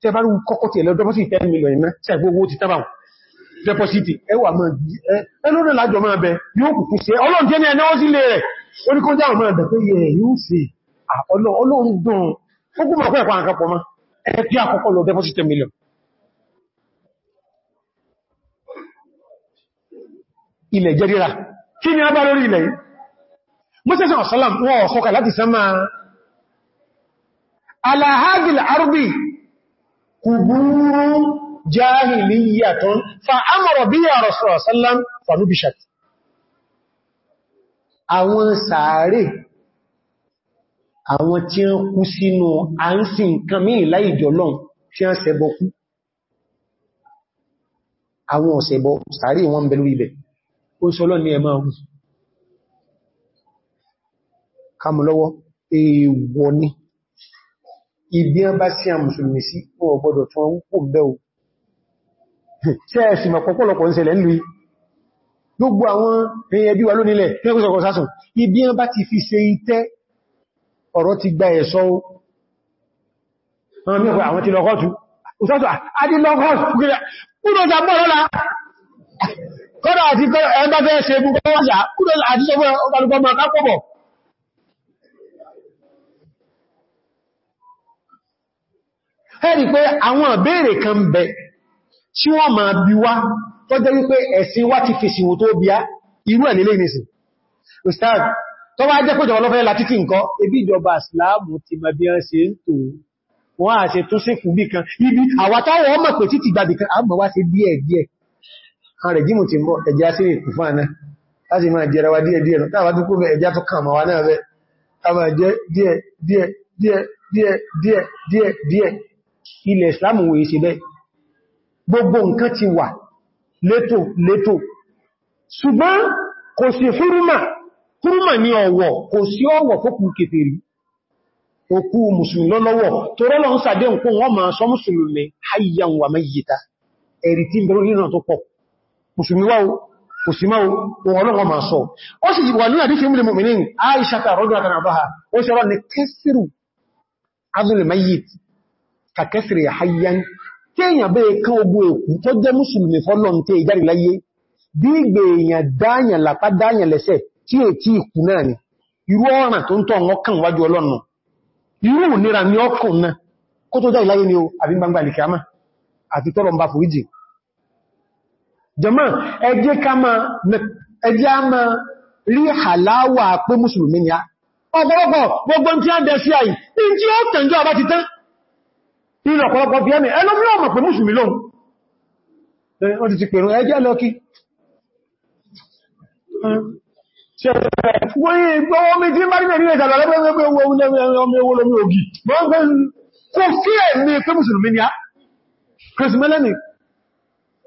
tẹ́ bá rú kọ́kọ́ tí ẹ̀lọ́ dọ́pọ́sì 10 million iná tí àgbó owó ti tábàun dẹ́pọ́sìtì ẹwà mọ́ ẹlọ́nà lájọ máa bẹ yóò kùkù sí ọlọ́run jẹ́ ní ẹni ó sí lè rẹ̀ oníkójá ọmọ ẹ̀bẹ̀ pé yẹ yóò ilẹ̀ jẹ́ rírà kí ni a bá lórí ilẹ̀ yìí mọ́sẹ̀sẹ̀ ọ̀sọ́lám wọ́n ọ̀fọ́kà láti sánmà aláhádìl arbi kùgbúrú jahiliyyatun fa amọ̀rọ̀ bí i àrọ̀sọ̀ ọ̀sọ́lám fanubishat àwọn sàárè àwọn tí ń kú sínú àǹsì nǹkan mí láìjọlọ́n tí ń ṣẹbọ kú àwọn ọ̀sẹ̀bọ̀ sàárè wọn bẹ̀lú ibẹ̀ ó ń sọlọ́ ní ẹmà ọmọ kàmùlọ́wọ́ èèwọ̀ ni ibi a bá sí a mùsùlùmí sí wọ́n gbọ́dọ̀ tún ń kò bẹ́ o sẹ́ẹ̀sì mọ̀ pọ̀pọ̀lọpọ̀ ń ṣẹlẹ̀ nílùú gbogbo àwọn èèyàn bí wà lónílẹ̀ ní ọkùnṣọ̀kọ̀ sásùn ibi a bá ti fi ṣe ìtẹ́ ọ̀rọ̀ kọ́dọ̀ àti ẹgbẹ́ bẹ́ẹ̀ ṣe gbogbo wáyà kúrò àti ṣe fún ọgbàlùgbọ́ ma kápọ̀bọ̀ ẹ̀rì pé àwọn ìbéèrè kan bẹ tí wọ́n ma bí wá tó jẹ́ wípé ẹ̀sìn wá ti fèsì wò tó bíá irú ẹ̀ nílé ìrìnsìn ustad tó wá jẹ́ pẹ́jọ ebi ìjọba ìsìláàmù ti ma bí ọ́n ṣe wọ́n àṣẹ ibi àwátáwọ̀ ọmọ pẹ̀ títì gbàdìkan àmọ́ wá sí díẹ̀ ààrẹ jímù ti mọ́ ẹjá sí ìkùnfàánà láti máa díẹ̀ díẹ̀ tàbí tó kó bẹ ẹjá tó náà tàbí jẹ́ díẹ̀ díẹ̀ díẹ̀ díẹ̀ díẹ̀ díẹ̀ díẹ̀ ilẹ̀ islamu ṣe bẹ́ gbogbo nǹkan ti wà létò létò ṣùgbọ́n kò sí húrúmà húrúmà ní ọ̀wọ̀ kò sí ọ̀wọ̀ fókù kèfèrí òkú mùsùlùmí lọ́lọ́wọ̀ tó rọ́lọ́ ń musulmiwáwó òsìmáwó ohun ọlọ́rọ̀ ma sọ ó sì wà ní àdífẹ́ múlẹ̀ mọ̀mìnín aìṣàtà rọ́dún àtàràbáha ó sì rọ́ ní kẹsìrù azulmayit ka kẹsìrì hayyan kéèyàn bẹ́ kán ogun èkú tó jẹ́ musulmi fọ́lọ́n tẹ́ ìjárí láyé dáyàn lápá dáyàn lẹ́sẹ̀ tí è tí ìkú náà ni irú ọ̀ràn tó ń tọ́ wọn kàn wájú ọlọ́nà irú nira ni ọkùn náà kó tó jáì láyé ni o àbí gbangba lìkàmà àti tọ́lọ̀ ń jàmá ẹjẹ́ ká ma ẹjẹ́ a ma rí hàláwà pé mùsùlùmí ni a ọ̀pọ̀lọpọ̀ gbogbo tí a dẹ̀ sí àyí ní tí ó tẹ̀njọ́ ọba ti tán nínú ọ̀pọ̀lọpọ̀ fi ẹni ẹlọ́mìnà ọmọ pé mùsùlùmí lóhun wọ́n ti ti pèrún ẹjẹ́ lọ kí Kò fí ẹ̀mí pé mùsùlùmí ni a, Kìrìsìmẹ́lẹ́ni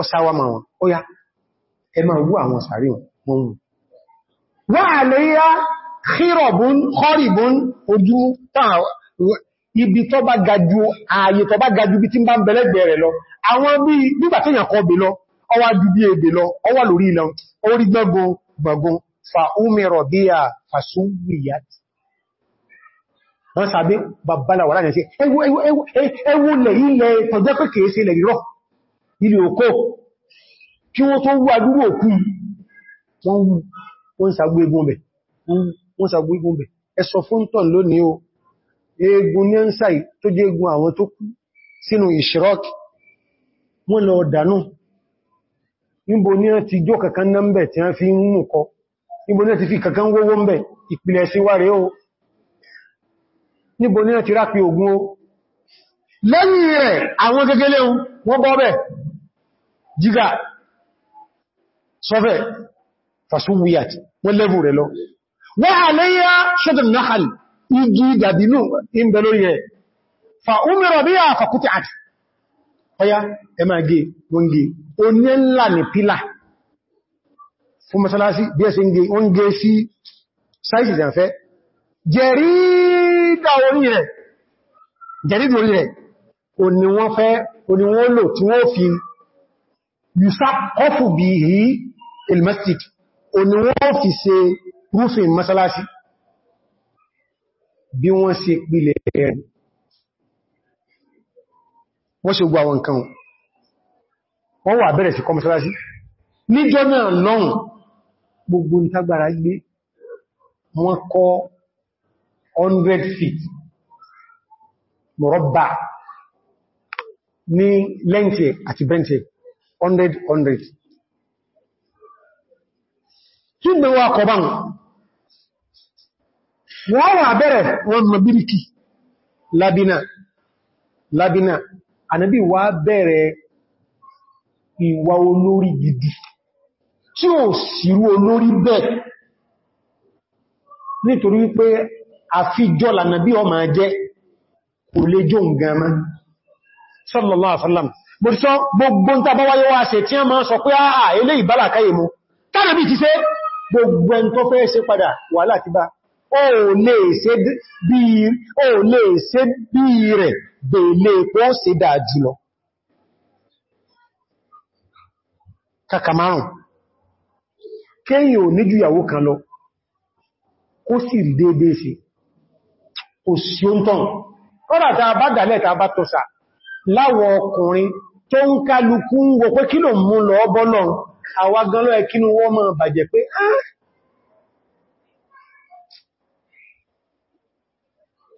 ọsáwà ma wọn ó yá ẹ máa wú àwọn sàárì wọn mú wà àlèyà kírọ̀bùn kọ́rìbùn ojú ibi tó bá gajú ààyè tó bá gajú bí tí ń bá ń bẹ̀lẹ́gbẹ̀ rẹ̀ lọ àwọn bí nígbà tó yàn kọ́ bè lọ ọwá ju bí ebè lọ ọwá lórí ilẹ̀ orí gbọ́gbọ́ gbọ́gbọ́ fa umero bí a fasuwiyat wọ́n sàbé babbala wà láàrin ẹwọ́ ilẹ̀ ilẹ̀ tọ́jẹ́ pé kèése ilẹ̀ rọ̀ ilé òkó kí wọ́n tó wà dúró òkú wọ́n sàgbó egun bẹ̀ wọ́n sàgbó egun bẹ̀ ẹsọ fún tọ́n lónìí o egun ní ń sáì tó jẹ́ egun àwọn tó kú sínú ìṣirọ́kì wọ́n lọ dànù níbo ní ti jó kankan náà bẹ̀ tí wọ́n fi ń mú kọ níbo ní ti fi kankan wọ́wọ́ bẹ̀ ìpìlẹ̀ sí wà rẹ̀ o níbo ní ti rápi ògùn o lẹ́yìn rẹ̀ àwọn gẹ́gẹ́lẹ́ wọ́n bọ́ bẹ̀ jígà sọ́fẹ́ fàṣúwíyàtì wọ́n lẹ́bù rẹ̀ lọ wọ́n àlẹ́yà ṣọ́dùn náhàl igi dàbínú ìbẹ̀lórí rẹ̀ fa umira bí a fàkútí àti ọya ẹmà gẹ wọ́n gẹ o ní ńlá ní pílà fún masalasi bí ẹsẹ̀ gẹ wọ́n gẹ sí sáìsì ìzànfẹ́ jẹ̀rídà yùsákọ́fù bí i ilmasjid òní wọ́n fi masalasi bí wọ́n ṣe pìlẹ̀ ẹ̀rẹ̀ wọ́n ṣe gbà wọn kan wọ́n wà bẹ̀rẹ̀ sí kọ́ masalasi níjọ́ náà lọ́n gbogbo ìtagbàrá gbé wọ́n kọ́ 100 feet mọ̀rọ̀bà ní lẹ́ǹtì àti bẹ́ǹtì 100 100 tí gbé wá kọ̀ bán wọ́n wà bẹ̀rẹ̀ wọn mọ̀ bíríkì labina labina ànábì wá bẹ̀rẹ̀ ìwà olórí gidi tí ó sírú olórí bẹ́ẹ̀ nítorí wípé àfijọ́ lànàbí ọmọ jẹ́ kò lè jọ ǹgan mọ́ sallallahu alaihi wasallam mo sọ gbogbo ń tàbá wáyé wá ṣe tí a máa sọ pé àà ilé ìbálà káyè mú tàbí bí ti ṣe gbogbo ẹn tó fẹ́ ṣe padà wà láti bá o lè ṣe bí rẹ̀ bèèlè pọ́ ṣe dáa jùlọ kàkà márùn kéyìn ò ní jùyàwó kan lọ kó sì rí déédéé sí kò sí ó ń bá dálẹ̀ bá tọ́sà láwọn ọkùnrin tó ń kálukú ń wo pé kí ló mú lọ bọ́lọ̀ àwa gan ló ẹkínú wọ́n mọ́ bàjẹ́ pé ah!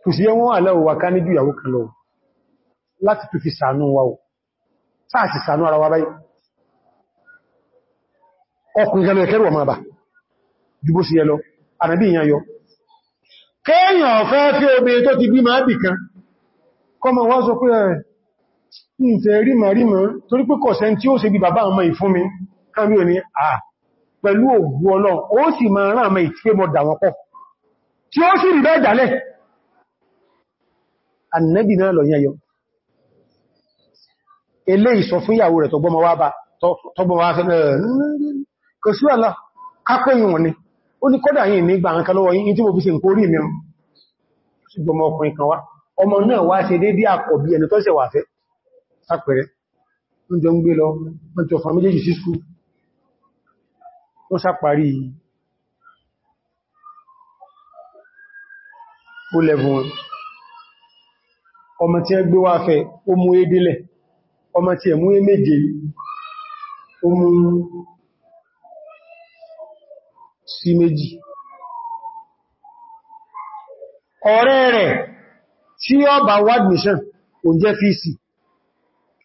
kò sí ẹwọ́n àlẹ́wọ̀ wà ká ní ìyàwó kan lọ láti tó fi sàánú wa o sáà sì sàánú ara wa báyìí ọkùnrin gan ló ẹkẹ́rù ọmọ bà jùbó sí ẹlọ àrẹ́bí ìyàn yọ kéèyàn fẹ́ fẹ́ obìnrin tó ti bí máa bì kan kọmọ wọ́n sọ pé ẹ̀rẹ̀ eh, ìfẹ́ rímọ̀ rímọ̀ torí pé kọ̀sẹ̀ tí ó ṣe bí bàbá ọmọ ìfún mi káàmì ò ní à pẹ̀lú ògbú ọlọ́run ó sì máa rán àmà ìtí pé mọ̀dà wọn pọ̀ tí ó sì rí bẹ́ẹ̀ jálẹ̀ Ànábì náà lọ yẹyọ elé ìsọ fún ìyàwó rẹ̀ tọgbọ́mọ wá bá tọgbọ́mọ wá fẹ́ kò sí àlá ọmọ náà wá ṣe dédé àkọ̀bí ẹni tó ṣẹ̀wà fẹ́ sápẹ̀rẹ̀ ń jọ ń gbé lọ wọ́n tó fàmí jẹ́jì sí skú wọ́n sáparí ó lẹ́bùn wọn ọmọ tí ẹ gbé wá fẹ́ ó mú é ọmọ tí ẹ mú é ó mú sí méjì ọ̀rẹ́ rẹ̀ tí ó bá wá admission òun jẹ́ fíìsì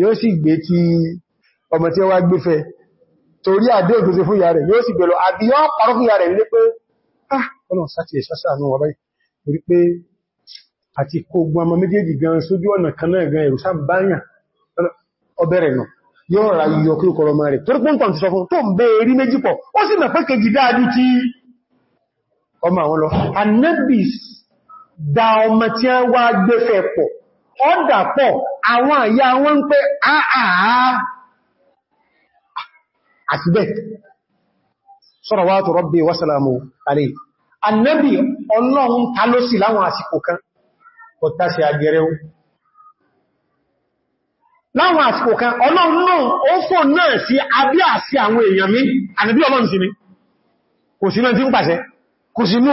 yóò sì gbé ti ọmọ tí wá gbéfẹ́ torí àdé ògbèsè fún ìyá rẹ̀ yóò sì gbẹ̀lọ àbí yọ́ parọ́ fún ìyá rẹ̀ nílé pé ah ọ̀nà sáti ẹ̀ṣọ́sà àánú wà báyìí torí pé àti kó gbọ́n ọmọ méjèèjì gan sójú ọ̀nà kan náà gan ẹ̀rù sábáyàn ọbẹ̀rẹ̀ nà yóò ra yíyọ kí ó kọrọ ọmọ rẹ̀ torí pé ń tàn ti sọ fún àwọn lọ anábì dá ọmọ tí wá gbéfẹ́ pọ̀ ọ́dà pọ̀ àwọn àyà wọn pé àà ah, ah, ah. àṣìbẹ̀ salawatu rabbi wa salamu alayhi annabi ọlọ́run ta ló sì láwọn àsìkò kan ọ̀tá sí agẹrẹun láwọn àsìkò kan ọlọ́run náà ó fò náà sí abí àsí àwọn èèyàn mi ànàbí ọlọ́run sí mi kò sínú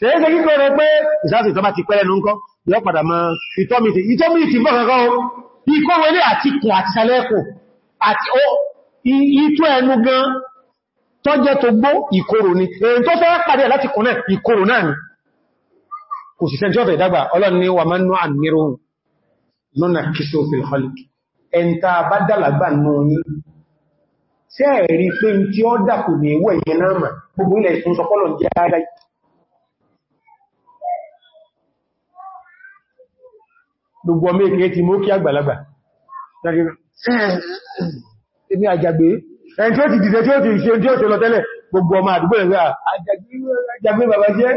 tẹ́yẹ́ tẹ́ kíkọ́ rẹ̀ pé ìsáàsì ìtọ́bá ti pẹ́lẹ̀ nǹkan yọ́ padà mọ́ ìtọ́mìtì ìtọ́mìtì mọ́ kankan o ikọ́ wọlé àti kùn àti sálẹ́kù àti ìtọ́ ẹnu gan tọ́jẹ́ tó gbó ìkorò ni èyí tó fẹ́ pàdé láti kùn náà ìkorò náà ni kò sì sẹ́jọ́ fẹ́ dágbà ọlọ́ni wà máa nú àmìrún lọ́nà kìsò fìlhọ́lìk ẹ̀ntà bá dàlàgbà náà ní sẹ́ẹ̀rí pé tí ó dàkù ní ìwọ̀ ìyẹn náà mà gbogbo ilẹ̀ ìfúnsọpọ́lọ̀ jẹ́ àádáyì gbogbo ọmọ èkèrè ti mú kí àgbàlagbà ẹni àjàgbé ẹni tí ó ti dìde tí ó ti ṣe tí ó ṣe lọ tẹ́lẹ̀ gbogbo ọmọ àdúgbò ẹ̀rẹ́ àjàgbé bàbá jẹ́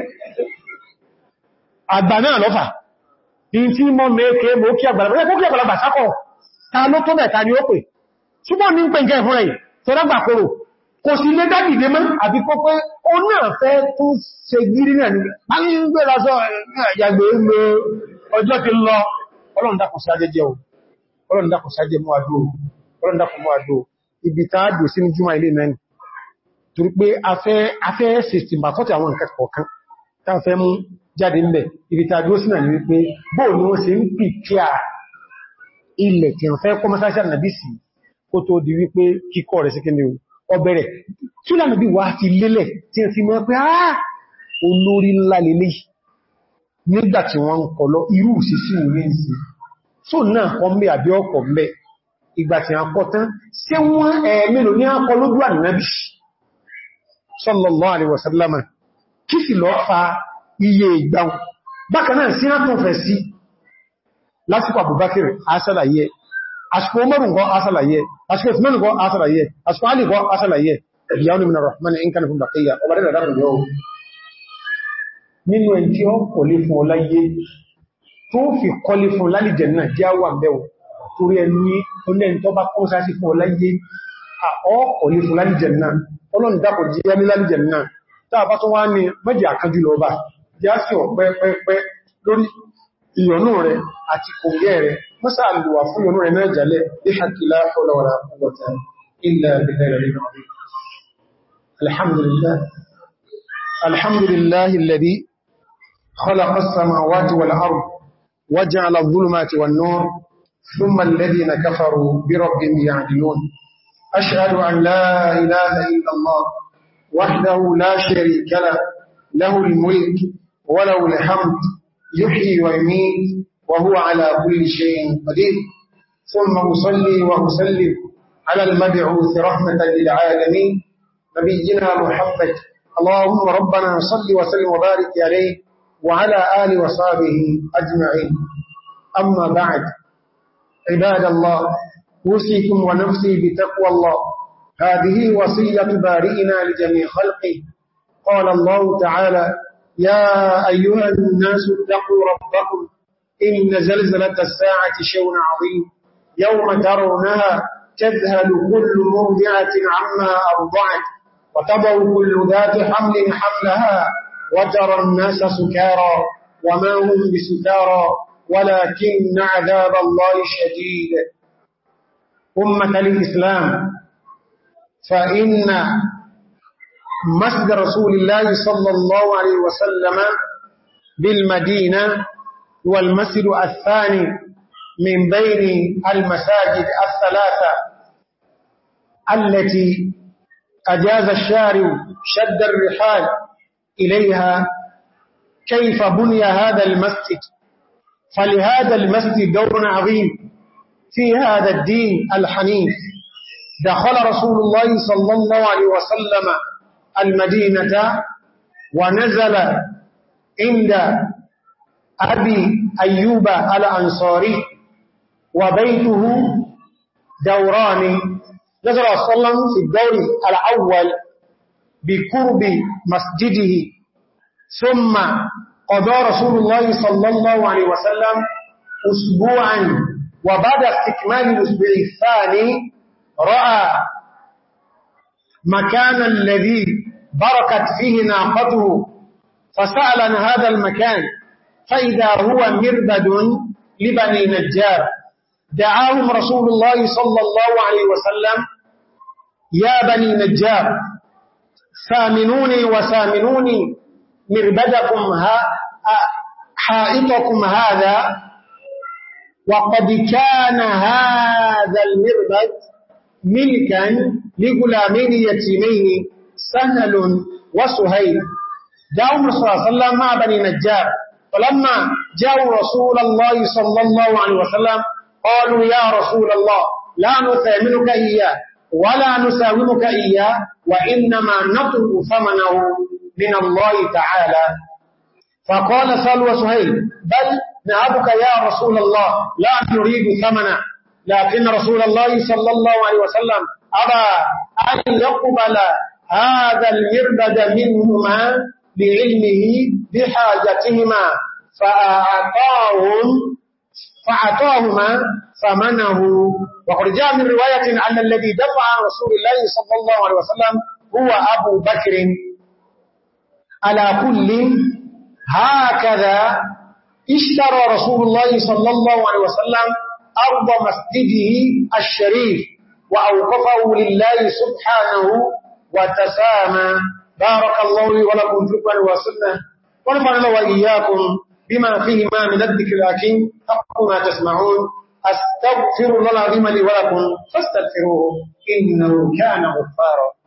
àgbà náà lọ́fà in tí mọ́ mẹ́kẹ́ mọ́ kí àgbàlagbà sákọ̀ ta ló tó bẹ̀ ta ni ó pè ṣùgbọ́n ní pẹ̀ jẹ́ ìfúnra yìí tó ọlọ́run dákùn sí ajẹ́jẹ́ o ọlọ́run dákùn sí ajẹ́ mú àdó ọlọ́run dákùn mú àdó ibi tàà dò sí ní jùmọ̀ ilé mẹ́rin torí pé afẹ́ sèstìmbà fọ́tí àwọn nǹkan kọ̀ọ̀kan tàà fẹ́ mú jáde ń bẹ̀ ibi tàà dúró sínà ní wípé bóò ni wọ́n ṣe ń pì kí à ilẹ̀ tí wọ́n fẹ́ kọ́ mọ́sáṣà nàbí sí kó tó di wípé kíkọ́ rẹ̀ síkẹ́ ni ọbẹ̀rẹ̀ tí ó nígbàtí wọ́n ń kọlọ irú sí sí orí ń sí tó náà ọmọ àbí ọkọ̀ mẹ́ ìgbàtí àkọ́ tán sí wọ́n ẹ̀mẹ́lò ní àkọ́ lójú ànábì sallallahu alaihi wasallama kí sì lọ fa iye ìgbàun bákan náà sí rántún fẹ̀ sí lásìkò Abubakar asàlàyé àsìkò Umaru nǹkan asàlàyé àsìkò Usman nǹkan asàlàyé àsìkò Ali nǹkan asàlàyé ìyàwó ni nínú ẹn tí ó kọ̀lé fún ọláyé tó fi kọlé fún lálìjẹ̀ náà jẹ́ àwà mẹ́wọ̀ torí ẹnu ní ọlẹ́ni tó bá kọ́ sáṣí fún ọláyé ọkọ̀lé fún lálìjẹ̀ náà ọlọ́n dápọ̀ jẹ́ ní lálìjẹ̀ náà táà bá tó wá ní mẹ́jì àkájú lọ bá jẹ́ sí ọ̀pẹ́ pẹ́pẹ́ lórí ìyọnú rẹ̀ àti kòngẹ́ rẹ̀ mọ́sá àlùwà fún ìyọnú rẹ̀ náà jẹ́lẹ̀ ìhàkìlá ọlọ́wọ̀lá ọgbọ̀ta ilẹ̀ ìbẹ̀rẹ̀ خلق السماوات والأرض وجعل الظلمات والنور ثم الذين كفروا بربهم يعدلون أشهد أن لا إله إلا الله وحده لا شريك له له الملك وله الحمد يحيي ويميت وهو على كل شيء قدير ثم أصلي وأسلم على المبعوث رحمة للعالمين نبينا محمد اللهم ربنا صل وسلم وبارك عليه وعلى آل وصحبه أجمعين أما بعد عباد الله أوصيكم ونفسي بتقوى الله هذه وصية بارئنا لجميع خلقه قال الله تعالى يا أيها الناس اتقوا ربكم إن زلزلة الساعة شون عظيم يوم ترونها تذهل كل مرضعة عما أرضعت وتضع كل ذات حمل حملها وترى الناس سكارى وما هم بسكارى ولكن عذاب الله شديد أمة الإسلام فإن مسجد رسول الله صلى الله عليه وسلم بالمدينة والمسجد الثاني من بين المساجد الثلاثة التي أجاز الشارع شد الرحال إليها كيف بني هذا المسجد فلهذا المسجد دور عظيم في هذا الدين الحنيف دخل رسول الله صلى الله عليه وسلم المدينة ونزل عند أبي أيوب الأنصاري وبيته دوران نزل صلى الله عليه وسلم في الدور الأول بقرب مسجده ثم قضى رسول الله صلى الله عليه وسلم أسبوعا وبعد استكمال الأسبوع الثاني رأى مكان الذي بركت فيه ناقته فسأل عن هذا المكان فإذا هو مربد لبني نجار دعاهم رسول الله صلى الله عليه وسلم يا بني نجار سامنوني وسامنوني مربدكم ها آه، حائطكم هذا وقد كان هذا المربد ملكا لغلامين يتيمين سهل وسهيل جاءوا الرسول صلى الله عليه وسلم مع بني نجار فلما جاءوا رسول الله صلى الله عليه وسلم قالوا يا رسول الله لا نثامنك إياه ولا نساومك إياه وإنما نطلب ثمنه من الله تعالى فقال سلوى سهيل بل نهبك يا رسول الله لا نريد ثمنا لكن رسول الله صلى الله عليه وسلم أبى أن يقبل هذا المربد منهما بعلمه بحاجتهما فأعطاهم فأعطاهما فمنه وقد جاء من رواية أن الذي دفع رسول الله صلى الله عليه وسلم هو أبو بكر على كل هكذا اشترى رسول الله صلى الله عليه وسلم أرض مسجده الشريف وأوقفه لله سبحانه وتسامى بارك الله لي ولكم في القرآن والسنة ونفعنا وإياكم بما فيهما من الذكر الأكيم أقول ما تسمعون أستغفر الله العظيم لي ولكم فاستغفروه إنه كان غفارا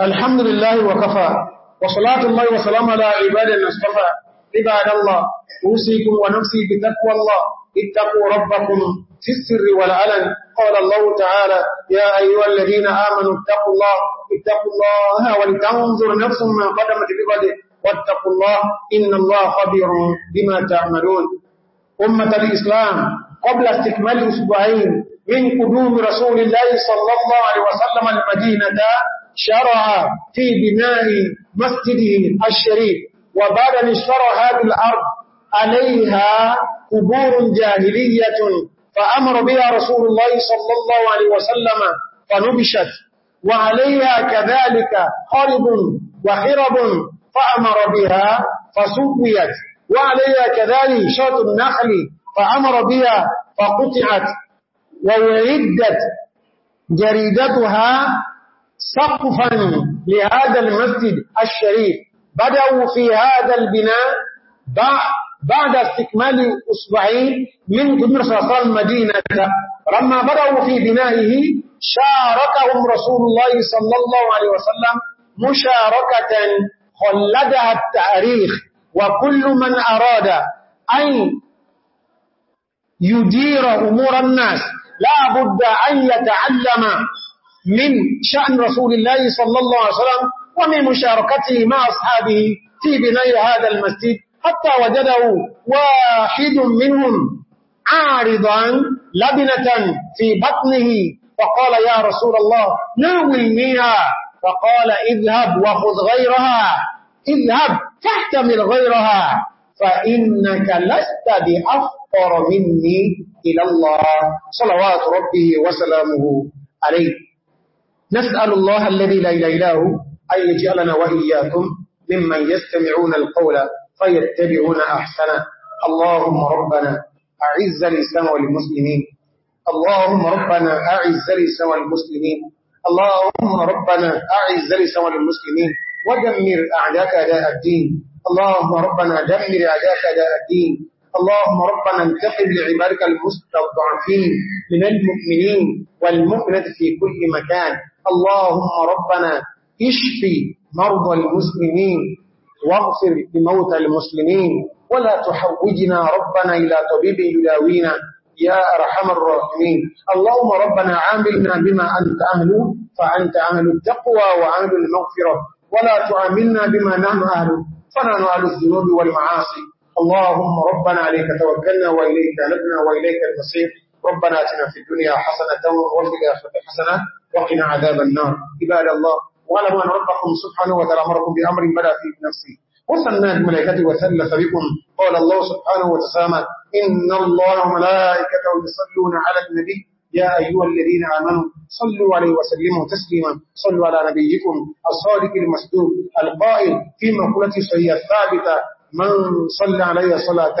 الحمد لله وكفى وصلاة الله وسلام على عباد المصطفى عباد الله أوصيكم ونفسي بتقوى الله اتقوا ربكم في السر والعلن قال الله تعالى يا أيها الذين آمنوا اتقوا الله اتقوا الله ولتنظر نفس ما قدمت بغده واتقوا الله إن الله خبير بما تعملون أمة الإسلام قبل استكمال أسبوعين من قدوم رسول الله صلى الله عليه وسلم المدينة شرع في بناء مسجده الشريف وبعد أن اشترى هذه الأرض عليها قبور جاهلية فأمر بها رسول الله صلى الله عليه وسلم فنبشت وعليها كذلك خرب وحرب فأمر بها فسويت وعليها كذلك شرط النخل فأمر بها فقطعت ووعدت جريدتها سقفا لهذا المسجد الشريف بدأوا في هذا البناء بعد استكمال أسبوعين من قدر صلى المدينة لما بدأوا في بنائه شاركهم رسول الله صلى الله عليه وسلم مشاركة خلدها التاريخ وكل من أراد أن يدير أمور الناس لا بد أن يتعلم من شأن رسول الله صلى الله عليه وسلم ومن مشاركته مع أصحابه في بناء هذا المسجد حتى وجده واحد منهم عارضا لبنة في بطنه فقال يا رسول الله ناولنيها فقال اذهب وخذ غيرها اذهب فاحتمل غيرها فإنك لست بأفقر مني إلى الله صلوات ربه وسلامه عليه نسأل الله الذي لا إله إلا هو أن يجعلنا وإياكم ممن يستمعون القول فيتبعون أحسنه اللهم ربنا أعز الإسلام والمسلمين اللهم ربنا أعز الإسلام والمسلمين اللهم ربنا أعز الإسلام والمسلمين ودمر أعداك أداء الدين اللهم ربنا دمر أعداءك أداء الدين اللهم ربنا انتقم لعبادك المستضعفين من المؤمنين والمؤمنات في كل مكان اللهم ربنا اشفي مرضى المسلمين واغفر لموتى المسلمين ولا تحوجنا ربنا إلى طبيب يداوينا يا أرحم الراحمين اللهم ربنا عاملنا بما أنت أهل فأنت أهل التقوى وأهل المغفرة ولا تعاملنا بما نحن أهل فنحن أهل الذنوب والمعاصي اللهم ربنا عليك توكلنا وإليك نبنا وإليك المصير ربنا اتنا في الدنيا حسنة وفي الآخرة حسنة وقنا عذاب النار عباد الله واعلموا أن ربكم سبحانه وتعالى أمركم بأمر بدا فيه بنفسه وصلنا الملائكة وثلث بكم قال الله سبحانه وتسامى إن الله وملائكته يصلون على النبي يا أيها الذين آمنوا صلوا عليه وسلموا تسليما صلوا على نبيكم الصادق المسلوب القائل في مقولة الشهيه ثابتة من صلى علي صلاة